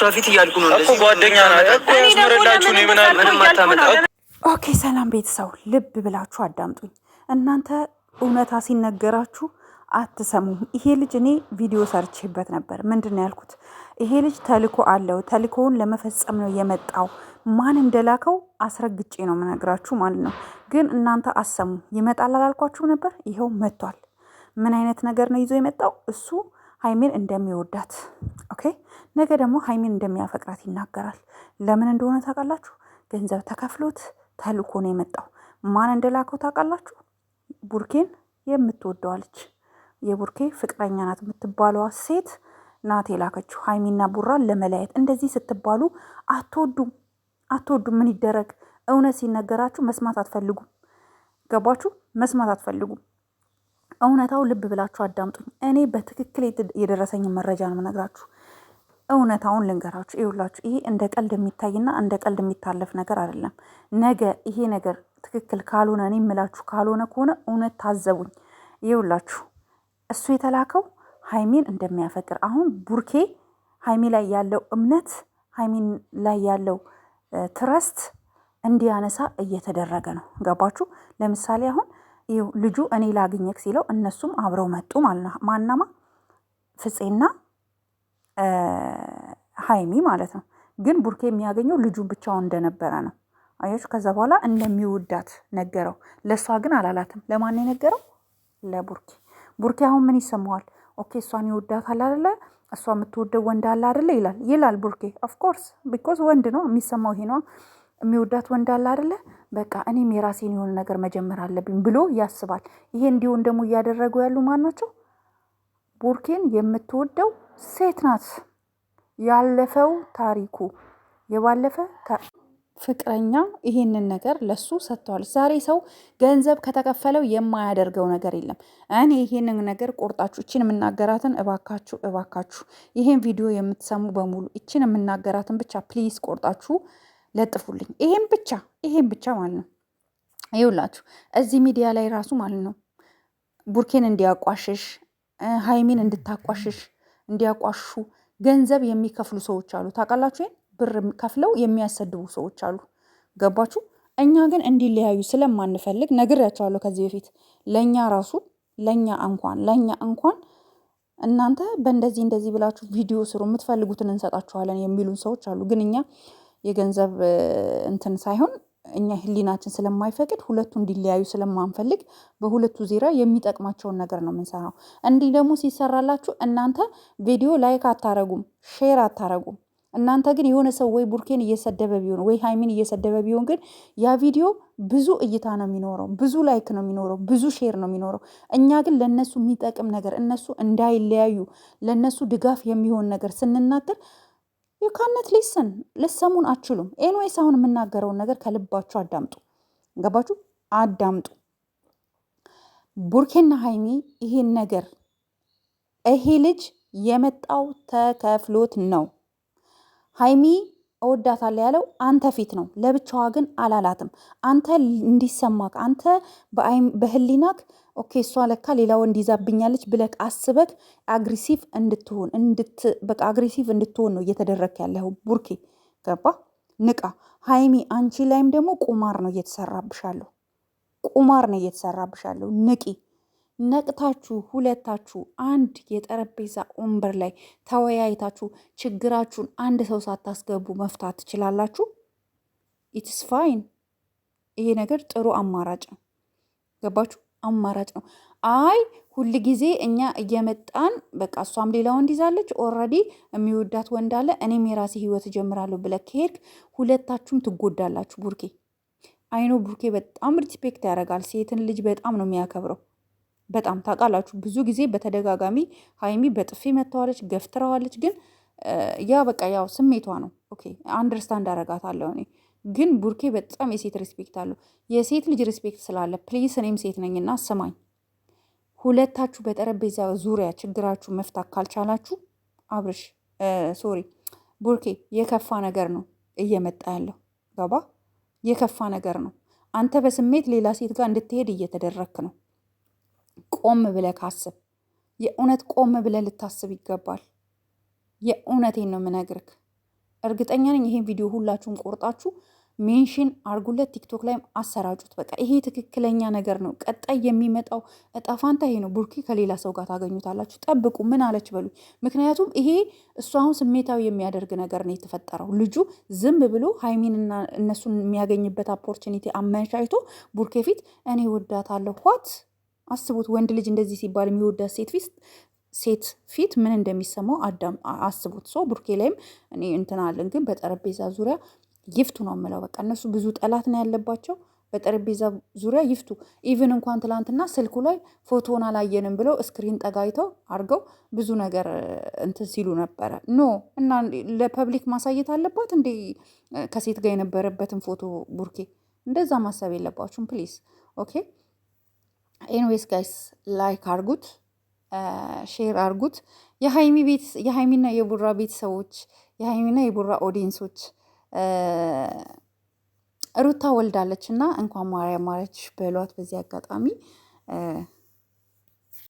እሷ ፊት እያልኩ ነው እኮ ጓደኛ ናት ያስመረዳችሁ ነው ምናምን። ኦኬ ሰላም ቤተሰው፣ ልብ ብላችሁ አዳምጡኝ። እናንተ እውነታ ሲነገራችሁ አትሰሙም። ይሄ ልጅ እኔ ቪዲዮ ሰርቼበት ነበር። ምንድን ነው ያልኩት? ይሄ ልጅ ተልኮ አለው። ተልኮውን ለመፈጸም ነው የመጣው። ማን እንደላከው አስረግጬ ነው የምነግራችሁ ማለት ነው። ግን እናንተ አሰሙ። ይመጣል አላልኳችሁ ነበር? ይኸው መጥቷል። ምን አይነት ነገር ነው ይዞ የመጣው እሱ ሀይሚን እንደሚወዳት ኦኬ፣ ነገ ደግሞ ሀይሚን እንደሚያፈቅራት ይናገራል። ለምን እንደሆነ ታውቃላችሁ? ገንዘብ ተከፍሎት ተልኮ ነው የመጣው። ማን እንደላከው ታውቃላችሁ? ቡርኬን የምትወደዋለች የቡርኬ ፍቅረኛ ናት የምትባለዋ ሴት ናት የላከችው። ሀይሚና ቡራን ለመለያየት እንደዚህ ስትባሉ አትወዱም፣ አትወዱም። ምን ይደረግ? እውነት ሲነገራችሁ መስማት አትፈልጉም። ገባችሁ? መስማት አትፈልጉም። እውነታው ልብ ብላችሁ አዳምጡኝ። እኔ በትክክል የደረሰኝን መረጃ ነው የምነግራችሁ። እውነታውን ልንገራችሁ። ይኸውላችሁ ይሄ እንደ ቀልድ የሚታይና እንደ ቀልድ የሚታለፍ ነገር አይደለም። ነገ ይሄ ነገር ትክክል ካልሆነ እኔ የምላችሁ ካልሆነ ከሆነ እውነት ታዘቡኝ። ይኸውላችሁ እሱ የተላከው ሀይሜን እንደሚያፈቅር አሁን ቡርኬ ሀይሜ ላይ ያለው እምነት ሀይሜን ላይ ያለው ትረስት እንዲያነሳ እየተደረገ ነው። ገባችሁ? ለምሳሌ አሁን ይኸው ልጁ እኔ ላግኘክ ሲለው እነሱም አብረው መጡ ማለት ነው። ማናማ ፍፄና ሀይሚ ማለት ነው። ግን ቡርኬ የሚያገኘው ልጁ ብቻውን እንደነበረ ነው። አያችሁ፣ ከዛ በኋላ እንደሚወዳት ነገረው። ለእሷ ግን አላላትም። ለማን የነገረው? ለቡርኬ። ቡርኬ አሁን ምን ይሰማዋል? ኦኬ እሷን ይወዳታል አይደለ? እሷ የምትወደው ወንድ አለ አይደለ? ይላል ይላል ቡርኬ። ኦፍኮርስ ቢኮዝ ወንድ ነው የሚሰማው ይሄ የሚወዳት ወንድ አለ አደለ በቃ እኔም የራሴን የሆነ ነገር መጀመር አለብኝ ብሎ ያስባል። ይሄ እንዲሆን ደግሞ እያደረጉ ያሉ ማን ናቸው? ቡርኬን የምትወደው ሴት ናት። ያለፈው ታሪኩ የባለፈ ፍቅረኛ ይሄንን ነገር ለሱ ሰጥተዋል። ዛሬ ሰው ገንዘብ ከተከፈለው የማያደርገው ነገር የለም። እኔ ይሄንን ነገር ቆርጣችሁ እችን የምናገራትን እባካችሁ እባካችሁ ይሄን ቪዲዮ የምትሰሙ በሙሉ እችን የምናገራትን ብቻ ፕሊዝ ቆርጣችሁ ለጥፉልኝ። ይሄም ብቻ ይሄን ብቻ ማለት ነው። ይውላችሁ እዚህ ሚዲያ ላይ ራሱ ማለት ነው ቡርኬን እንዲያቋሽሽ ሀይሚን እንድታቋሽሽ እንዲያቋሹ ገንዘብ የሚከፍሉ ሰዎች አሉ። ታውቃላችሁ፣ ብር ከፍለው የሚያሰድቡ ሰዎች አሉ። ገባችሁ? እኛ ግን እንዲለያዩ ስለማንፈልግ ነግሬያቸዋለሁ ከዚህ በፊት ለእኛ ራሱ ለእኛ እንኳን ለእኛ እንኳን እናንተ በእንደዚህ እንደዚህ ብላችሁ ቪዲዮ ስሩ፣ የምትፈልጉትን እንሰጣችኋለን የሚሉን ሰዎች አሉ። ግን እኛ የገንዘብ እንትን ሳይሆን እኛ ህሊናችን ስለማይፈቅድ ሁለቱ እንዲለያዩ ስለማንፈልግ በሁለቱ ዜራ የሚጠቅማቸውን ነገር ነው የምንሰራው። እንዲህ ደግሞ ሲሰራላችሁ እናንተ ቪዲዮ ላይክ አታረጉም፣ ሼር አታረጉም። እናንተ ግን የሆነ ሰው ወይ ቡርኬን እየሰደበ ቢሆን ወይ ሃይሚን እየሰደበ ቢሆን ግን ያ ቪዲዮ ብዙ እይታ ነው የሚኖረው፣ ብዙ ላይክ ነው የሚኖረው፣ ብዙ ሼር ነው የሚኖረው። እኛ ግን ለእነሱ የሚጠቅም ነገር እነሱ እንዳይለያዩ ለእነሱ ድጋፍ የሚሆን ነገር ስንናገር ዩካነት ሊስን ልሰሙን አችሉም። ኤንዌይስ አሁን የምናገረውን ነገር ከልባችሁ አዳምጡ። ገባችሁ? አዳምጡ። ቡርኬና ሀይሚ ይሄን ነገር ይሄ ልጅ የመጣው ተከፍሎት ነው ሀይሚ እወዳታለሁ ያለው አንተ ፊት ነው። ለብቻዋ ግን አላላትም። አንተ እንዲሰማክ አንተ በህሊናክ ኦኬ እሷ ለካ ሌላ ወንድ ይዛብኛለች ብለክ አስበክ አግሬሲቭ እንድትሆን በቃ አግሬሲቭ እንድትሆን ነው እየተደረክ ያለው ቡርኬ። ገባ ንቃ። ሀይሚ አንቺ ላይም ደግሞ ቁማር ነው እየተሰራብሻለሁ። ቁማር ነው እየተሰራብሻለሁ። ንቂ። ነቅታችሁ ሁለታችሁ አንድ የጠረጴዛ ወንበር ላይ ተወያይታችሁ ችግራችሁን አንድ ሰው ሳታስገቡ መፍታት ትችላላችሁ። ኢትስ ፋይን። ይሄ ነገር ጥሩ አማራጭ ነው። ገባችሁ? አማራጭ ነው። አይ ሁል ጊዜ እኛ እየመጣን በቃ እሷም ሌላ ወንድ ይዛለች፣ ኦልሬዲ የሚወዳት ወንድ አለ፣ እኔም የራሴ ህይወት እጀምራለሁ ብለህ ከሄድክ ሁለታችሁም ትጎዳላችሁ። ቡርኬ አይኖ ቡርኬ በጣም ሪስፔክት ያደርጋል ሴትን ልጅ በጣም ነው የሚያከብረው። በጣም ታውቃላችሁ። ብዙ ጊዜ በተደጋጋሚ ሀይሚ በጥፊ መተዋለች ገፍትረዋለች። ግን ያ በቃ ያው ስሜቷ ነው። ኦኬ አንደርስታንድ አረጋታለሁ እኔ ግን ቡርኬ በጣም የሴት ሪስፔክት አለው። የሴት ልጅ ሪስፔክት ስላለ ፕሊስ፣ እኔም ሴት ነኝና ስማኝ፣ ሁለታችሁ በጠረጴዛ ዙሪያ ችግራችሁ መፍታት ካልቻላችሁ፣ አብርሽ ሶሪ ቡርኬ፣ የከፋ ነገር ነው እየመጣ ያለው ገባ፣ የከፋ ነገር ነው። አንተ በስሜት ሌላ ሴት ጋር እንድትሄድ እየተደረክ ነው። ቆም ብለህ ካስብ፣ የእውነት ቆም ብለህ ልታስብ ይገባል። የእውነቴን ነው የምነግርህ። እርግጠኛ ነኝ ይሄን ቪዲዮ ሁላችሁም ቆርጣችሁ ሜንሽን አርጉለት፣ ቲክቶክ ላይም አሰራጩት። በቃ ይሄ ትክክለኛ ነገር ነው። ቀጣይ የሚመጣው እጣ ፋንታ ይሄ ነው። ቡርኪ ከሌላ ሰው ጋር ታገኙታላችሁ። ጠብቁ። ምን አለች በሉኝ። ምክንያቱም ይሄ እሱ አሁን ስሜታዊ የሚያደርግ ነገር ነው የተፈጠረው። ልጁ ዝም ብሎ ሀይሚንና እነሱን የሚያገኝበት ኦፖርቹኒቲ አመቻችቶ ቡርኬ ፊት እኔ ወዳታለሁ ኋት አስቡት ወንድ ልጅ እንደዚህ ሲባል የሚወዳት ሴት ፊት ሴት ፊት ምን እንደሚሰማው አዳም አስቡት። ሰው ቡርኬ ላይም እኔ እንትን አለን፣ ግን በጠረጴዛ ዙሪያ ይፍቱ ነው የምለው። በቃ እነሱ ብዙ ጠላት ነው ያለባቸው። በጠረጴዛ ዙሪያ ይፍቱ። ኢቭን እንኳን ትላንትና ስልኩ ላይ ፎቶን አላየንም ብለው እስክሪን ጠጋይተው አድርገው ብዙ ነገር እንትን ሲሉ ነበረ። ኖ እና ለፐብሊክ ማሳየት አለባት እንዴ? ከሴት ጋር የነበረበትን ፎቶ ቡርኬ፣ እንደዛ ማሰብ የለባችሁም ፕሊስ ኦኬ። ኤንዌስ ጋይስ ላይክ አርጉት፣ ሼር አርጉት። የሀይሚ ቤት የሀይሚና የቡራ ቤተሰቦች የሀይሚና የቡራ ኦዲየንሶች ሩታ ወልዳለች እና እንኳን ማርያም ማረችሽ በሏት። በዚህ አጋጣሚ